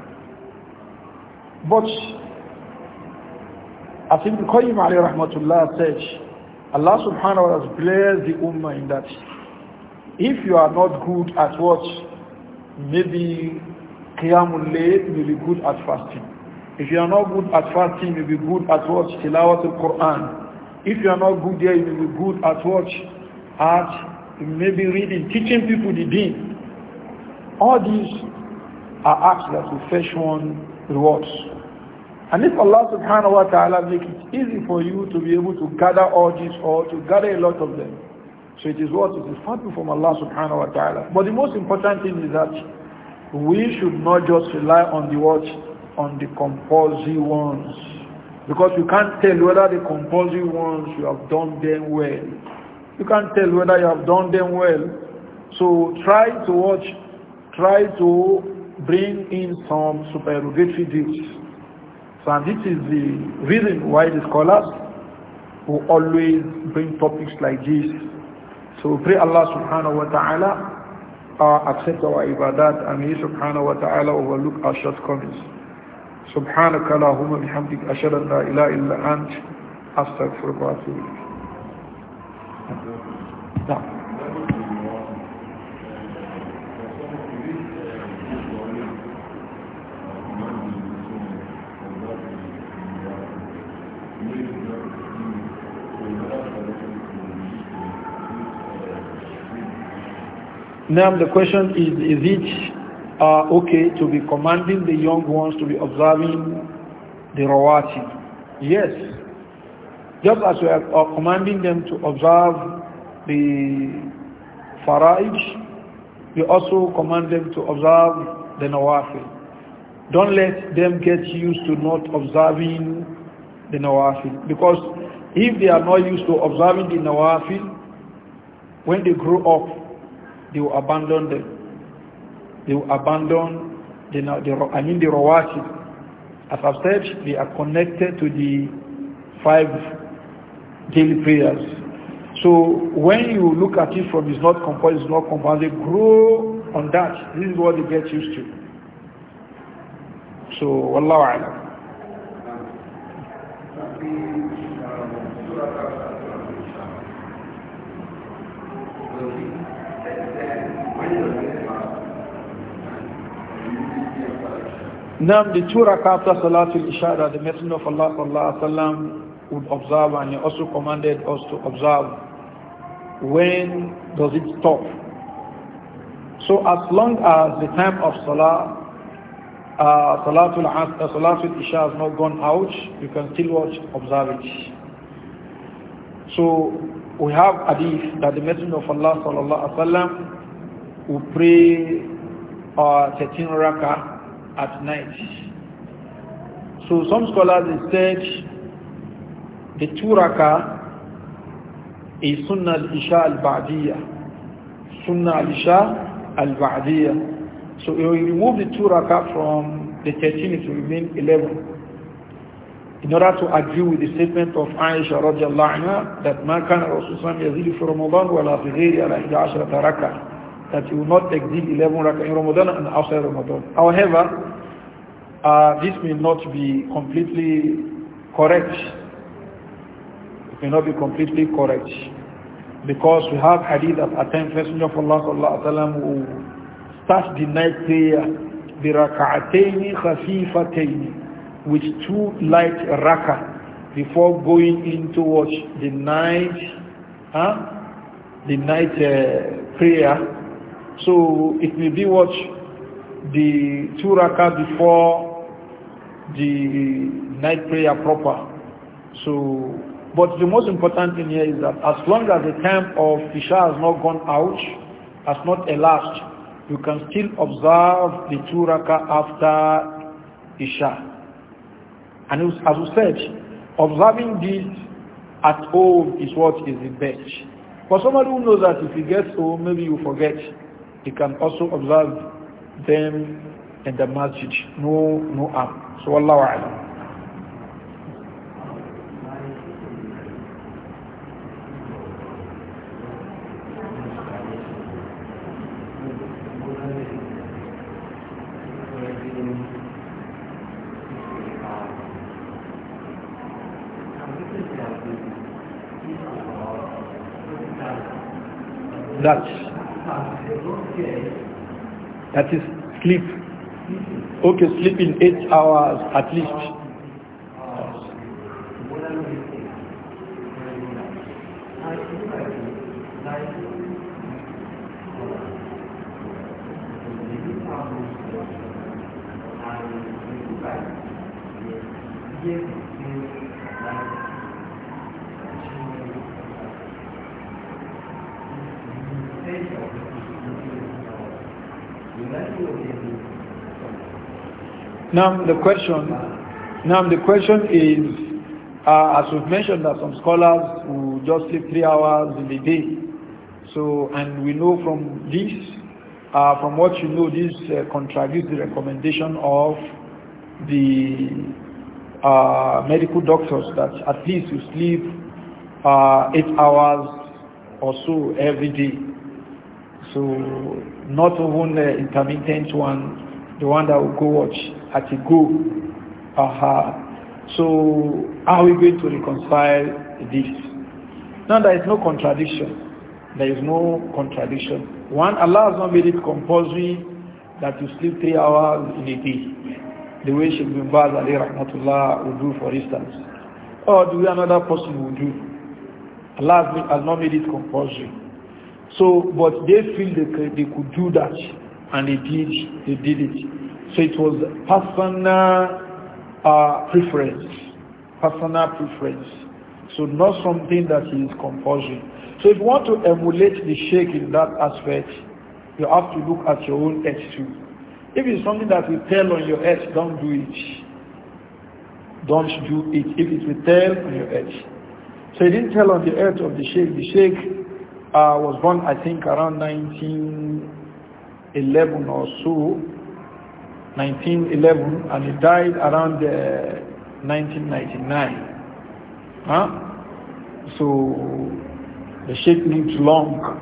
But I think the Qayyim alayhi rahmatullah says, Allah subhanahu wa ta'ala blessed the ummah in that if you are not good at what maybe qiyamul layl may be good at fasting if you are not good at fasting you will be good at what tilawatul quran if you are not good there you will be good at what at maybe reading teaching people the deen all these are acts that will fetch one rewards and if Allah subhanahu wa ta'ala make it easy for you to be able to gather all these or to gather a lot of them, so it is what it is far from Allah subhanahu wa ta'ala. But the most important thing is that we should not just rely on the what? On the compulsory ones. Because you can't tell whether the compulsory ones you have done them well. You can't tell whether you have done them well. So try to watch, try to bring in some supererogatory deeds so and this is the reason why the scholars who always bring topics like this. So we pray Allah subhanahu wa ta'ala uh, accept our ibadat and He subhanahu wa ta'ala overlook our shortcomings. سبحانك اللهم بحمدك أشهد أن لا إله إلا أنت أستغفرك وأتوب إليك. Now the question is, is it uh, okay to be commanding the young ones to be observing the rawati? Yes. Just as we are uh, commanding them to observe the faraj, we also command them to observe the nawafil. Don't let them get used to not observing the nawafil. Because if they are not used to observing the nawafil, when they grow up, they will abandon them. They will abandon the, the I mean the rawatib. As I've said, they are connected to the five daily prayers. So when you look at it from it's not compulsory, it's not compulsory, grow on that. This is what they get used to. So, Wallahu A'lam. Now the two rakat Salah Salatul Isha that the Messenger of Allah sallallahu would observe and he also commanded us to observe. When does it stop? So as long as the time of Salah, uh, Salatul, uh, Salatul Isha has not gone out, you can still watch, observe it. So we have hadith that the Messenger of Allah sallallahu alaihi wasallam will pray uh, 13 rakah at night. So some scholars have said the turaka is sunnah al-isha al-ba'diyah. Sunnah al-isha al-ba'diyah. So we remove the turaka from the 13, it will remain 11. In order to agree with the statement of Aisha radiallahu anha that ما كان رسول الله يزيد في رمضان ولا في غيره على 11 rak'ah that you will not exceed 11 rak'ah in Ramadan and outside Ramadan. However, uh, this may not be completely correct. It may not be completely correct. Because we have hadith that a times Messenger of Allah sallallahu alayhi wa who starts the night prayer biraka'atayn khafifatayn with two light rak'ah before going into what the night huh? the night uh, prayer so it may be watch the two rakah before the night prayer proper. So, but the most important thing here is that as long as the time of Isha has not gone out, has not elapsed, you can still observe the two rakah after Isha. And as we said, observing this at home is what is the best. For somebody who knows that if he gets home, maybe you forget you can also observe them in the masjid. No, no harm. So Allah wa'ala. that is sleep okay sleep in eight hours at least Now the question, now the question is, uh, as we've mentioned that some scholars who just sleep three hours in a day, so and we know from this, uh, from what you know, this uh, contradicts the recommendation of the uh, medical doctors that at least you sleep uh, eight hours or so every day. So not even the intermittent one, the one that will go watch at a go. So how are we going to reconcile this? Now there is no contradiction. There is no contradiction. One, Allah has not made it compulsory that you sleep three hours in a day. The way Sheikh bin Baz Ali Rahmatullah would do for instance. Or the way another person would do. Allah has not made it compulsory. So, but they feel they could, they could do that and they did, they did it. So it was personal uh, preference. Personal preference. So not something that is compulsory. So if you want to emulate the sheikh in that aspect, you have to look at your own attitude. If it's something that will tell on your edge, don't do it. Don't do it. If it will tell on your edge. So he didn't tell on the edge of the sheikh. The sheikh uh, was born, I think, around 1911 or so. 1911 and he died around uh, 1999. Huh? So the sheikh lived long.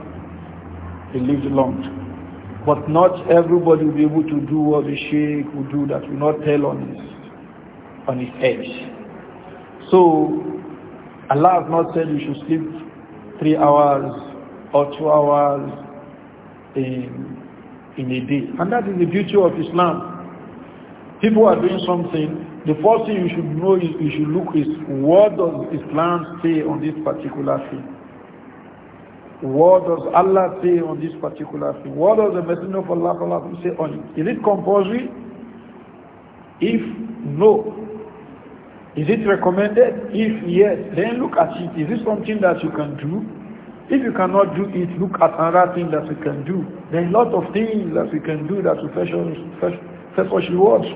He lived long. But not everybody will be able to do what the sheikh will do that will not tell on his, on his edge. So Allah has not said you should sleep three hours or two hours in, in a day. And that is the beauty of Islam people are doing something, the first thing you should know is you should look is what does Islam say on this particular thing? What does Allah say on this particular thing? What does the Messenger of Allah, Allah say on it? Is it compulsory? If no, is it recommended? If yes, then look at it. Is it something that you can do? If you cannot do it, look at another thing that you can do. There are a lot of things that we can do that will fetch us, that's what she wants.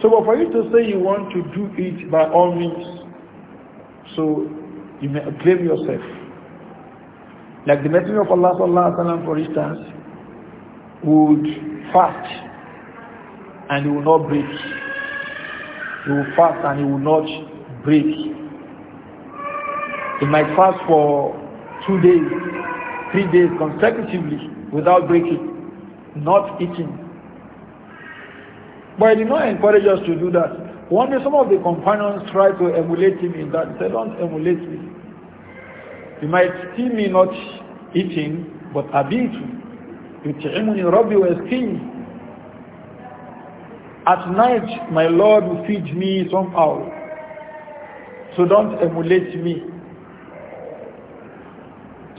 So but for you to say you want to do it by all means, so you may blame yourself. Like the Messenger of Allah sallallahu alaihi wasallam, for instance, would fast and he will not break. He will fast and he will not break. He might fast for two days, three days consecutively without breaking, not eating, but he did not encourage us to do that. One day some of the companions tried to emulate him in that. They said, don't emulate me. You might see me not eating, but abitu. يطعمني ربي ويسقيني At night, my Lord will feed me somehow. So don't emulate me.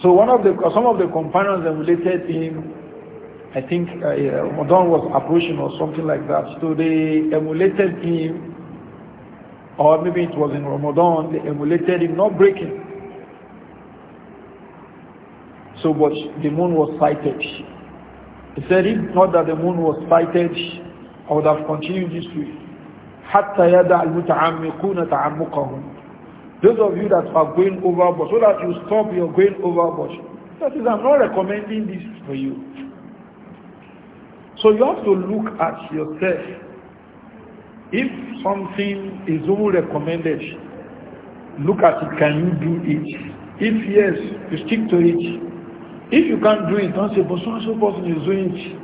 So one of the, some of the companions emulated him I think uh, Ramadan was approaching or something like that. So they emulated him, or maybe it was in Ramadan, they emulated him not breaking. So but the moon was sighted. He said, if not that the moon was sighted, I would have continued this way. حتى يدع المتعمقون تعمقهم those of you that are going overboard so that you stop your going overboard that is i'm not recommending this for you so you have to look at yourself. If something is only recommended, look at it. Can you do it? If yes, you stick to it. If you can't do it, don't say, but so and so person is doing it.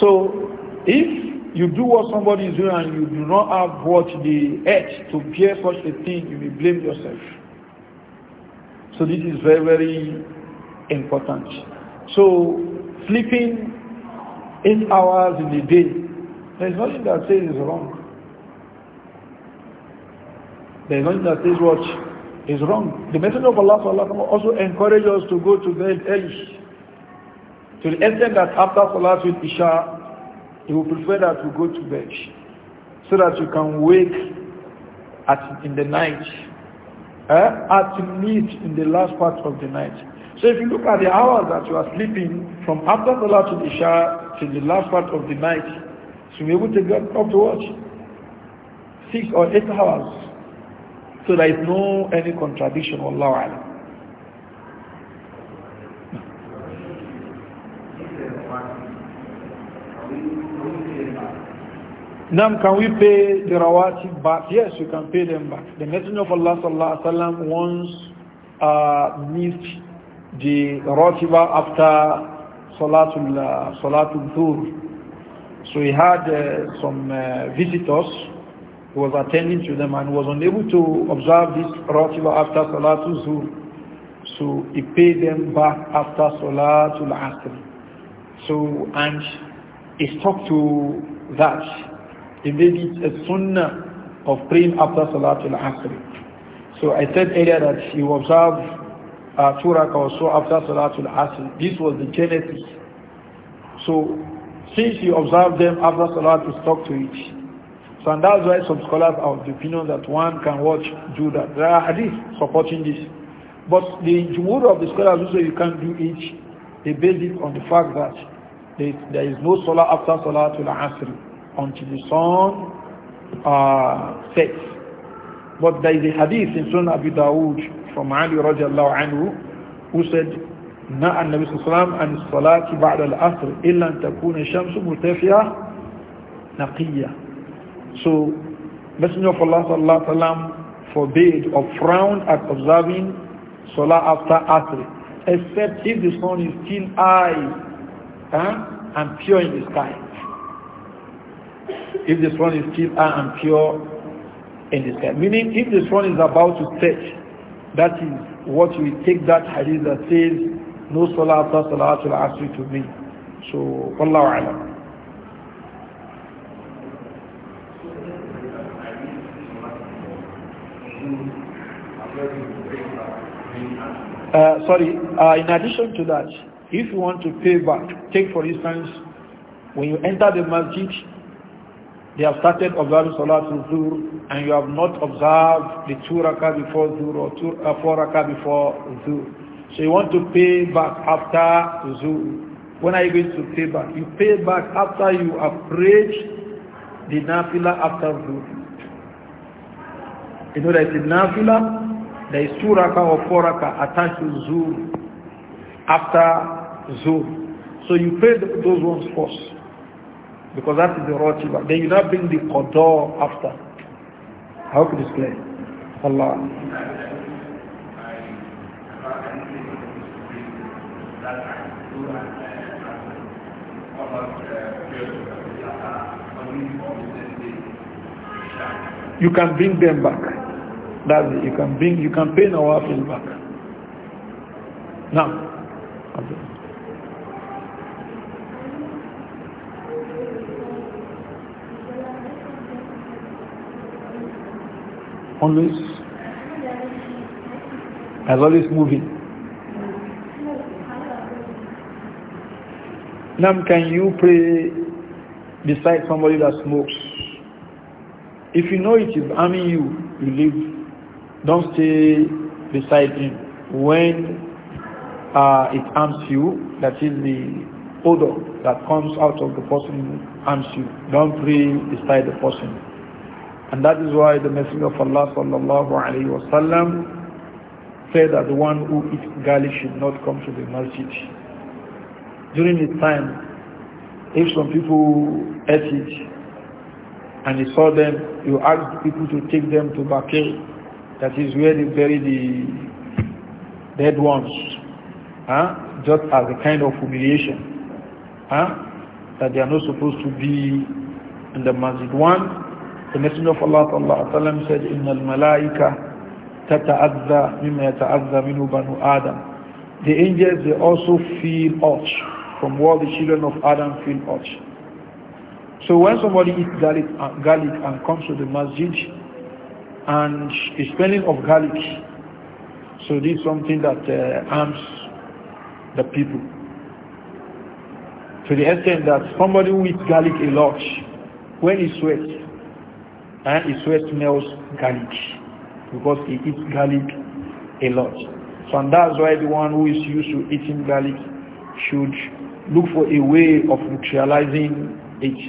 So if you do what somebody is doing and you do not have what the edge to bear such a thing, you will blame yourself. So this is very, very important. So sleeping eight hours in a day, there's nothing that says is wrong. There's nothing that says what is wrong. The Messenger of Allah also encourages us to go to bed early. To the extent that after Salat with Isha, he would prefer that we go to bed so that you can wake at, in the night, eh? at least in the last part of the night. So if you look at the hours that you are sleeping from after Salah to Isha to the last part of the night, so you're able to get up to watch six or eight hours. So there is no any contradiction, Allah Alam. Now, can we pay the rawatib back? Yes, we can pay them back. The Messenger of Allah sallallahu alaihi wasallam once uh, missed the Rotiba after Salatul, uh, Salatul Dhuhr. So he had uh, some uh, visitors who was attending to them and was unable to observe this Rotiba after Salatul Dhuhr. So he paid them back after Salatul Asr. So, and he stuck to that. He made it a sunnah of praying after Salatul Asr. So I said earlier that you observe uh, two rakah or so after Salatul Asr. This was the genesis. So since you observe them after Salat, you stuck to it. So and that's why some scholars are of the opinion that one can watch do that. There are hadith supporting this. But the majority of the scholars also you can't do it. They base it on the fact that there is no salah after Salatul Asr until the sun uh, sets. But there is a hadith in Sunnah Abu Dawood from Ali radiallahu anhu who said, نهى النبي صلى الله عليه وسلم عن الصلاة بعد العصر إلا أن تكون الشمس مرتفعة So, Messenger of Allah sallallahu alaihi wasallam forbade or frowned at observing Salah after Asr, except if the sun is still high huh, and pure in the sky. If the sun is still high and pure in the sky. Meaning, if the sun is about to set, that is what we take that hadith that says, no salah after salatul asr to me. So, Allah alam. Uh, sorry, uh, in addition to that, if you want to pay back, take for instance, when you enter the masjid, they have started observing Salatul Zuhr and you have not observed the two rakah before Zuhr or two, uh, four rakah before Zuhr. So you want to pay back after Zuhr. When are you going to pay back? You pay back after you have prayed the nafila after Zuhr. You know that the nafila, there is two rakah or four rakah attached to Zuhr after Zuhr. So you pay those ones first because that is the but Then you now bring the qadar after. How could this play, Allah. You can bring them back. That's it. You can bring, you can pay Nawafil back. Now, always as always moving. Now can you pray beside somebody that smokes? If you know it is harming you, you leave. Don't stay beside him. When uh, it harms you, that is the odor that comes out of the person harms you. Don't pray beside the person. And that is why the Messenger of Allah sallallahu alayhi wasallam said that the one who eats garlic should not come to the masjid. During this time, if some people ate it and he saw them, he asked people to take them to Bakir, that is where they bury the dead ones, huh? just as a kind of humiliation, huh? that they are not supposed to be in the masjid. One, the Messenger of Allah sallallahu alaihi wasallam said, "In al malaika tata'adha mimma yata'adha minu banu Adam." The angels they also feel urge from what the children of Adam feel urge. So when somebody eats garlic, uh, garlic and comes to the masjid and is smelling of garlic, so this is something that uh, harms the people. To the extent that somebody who eats garlic a lot, when he sweats, and eh? his sweat smells garlic because he eats garlic a lot. So and that's why the one who is used to eating garlic should look for a way of neutralizing it.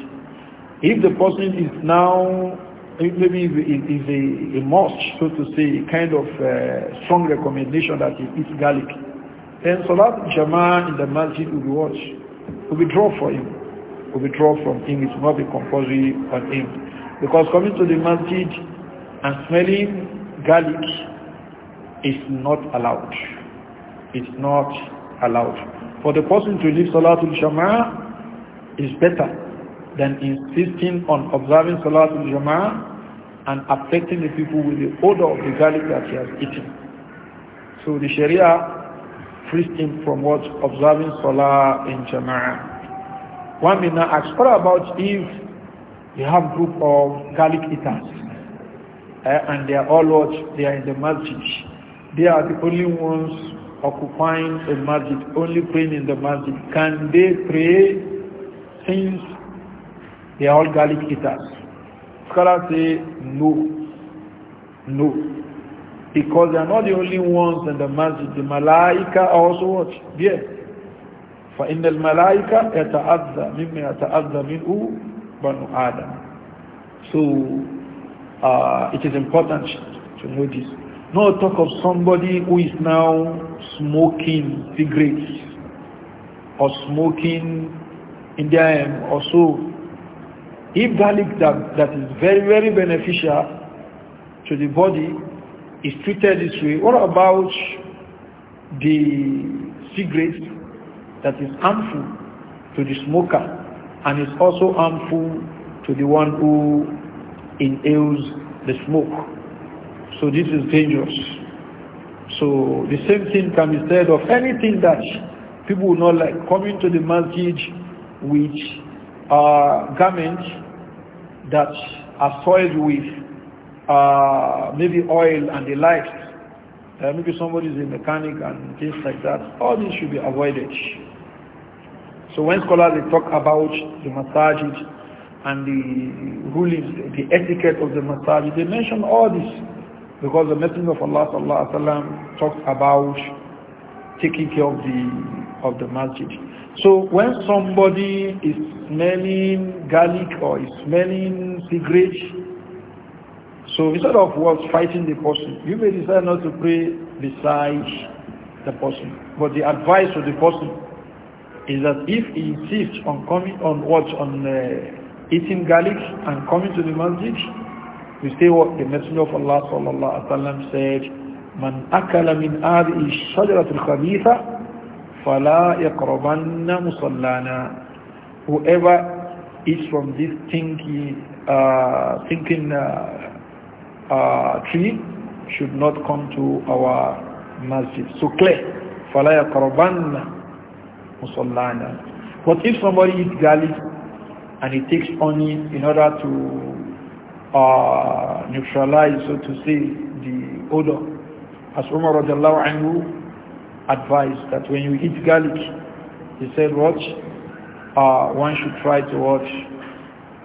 If the person is now, maybe is a, a must, so to say, a kind of uh, strong recommendation that he eats garlic, then Salat Jama'ah in the masjid will be what? Will be draw for him. Will be draw from him. It will not be compulsory on him. Because coming to the masjid and smelling garlic is not allowed. It's not allowed. For the person to leave Salatul Jama'ah is better than insisting on observing Salatul Jama'ah and affecting the people with the odor of the garlic that he has eaten. So the Sharia frees him from what? Observing Salah in Jama'ah. One may now ask, what about if they have group of garlic eaters. Uh, and they are all watch. They are in the masjid. They are the only ones occupying the masjid, only praying in the masjid. Can they pray since they are all garlic eaters? Scholars say no. No. Because they are not the only ones in the masjid. The malaika also watch. Yes. فإن الملائكة يتأذى مما يتأذى منه Banu Adam. So uh, it is important to know this. No talk of somebody who is now smoking cigarettes or smoking Indian or so. If garlic that, that is very, very beneficial to the body is treated this way, what about the cigarettes that is harmful to the smoker? and it's also harmful to the one who inhales the smoke. So this is dangerous. So the same thing can be said of anything that people will not like. Coming to the masjid with uh, garments that are soiled with uh, maybe oil and the likes. Uh, maybe somebody is a mechanic and things like that. All this should be avoided. So when scholars they talk about the masajid and the rulings, the etiquette of the masajid, they mention all this because the Messenger of Allah sallallahu alaihi wasallam talks about taking care of the of the masjid. So when somebody is smelling garlic or is smelling cigarette, so instead of what's fighting the person, you may decide not to pray beside the person. But the advice of the person is that if he insists on coming on what on uh, eating garlic and coming to the masjid, you say what the Messenger of Allah sallallahu alaihi wasallam said, "Man akala min hadhihi shajarat al-khabitha, fala yaqrabanna musallana." Whoever eats from this stinky, uh, stinking uh, uh, tree should not come to our masjid. So clear, fala yaqrabanna musallana. But if somebody eats garlic and he takes onion in order to uh, neutralize, so to say, the odor, as Umar anhu advised that when you eat garlic, he said, watch, uh, one should try to watch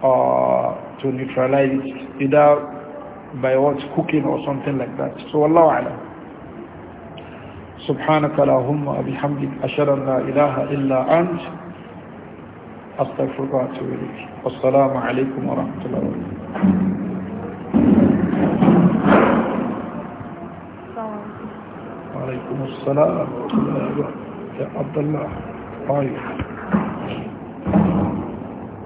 uh, to neutralize it, either by what cooking or something like that. So Allah سبحانك اللهم وبحمدك أشهد أن لا إله إلا أنت أستغفرك وأتوب إليك والسلام عليكم ورحمة الله وبركاته وعليكم السلام ورحمة الله وبركاته عبد الله طيب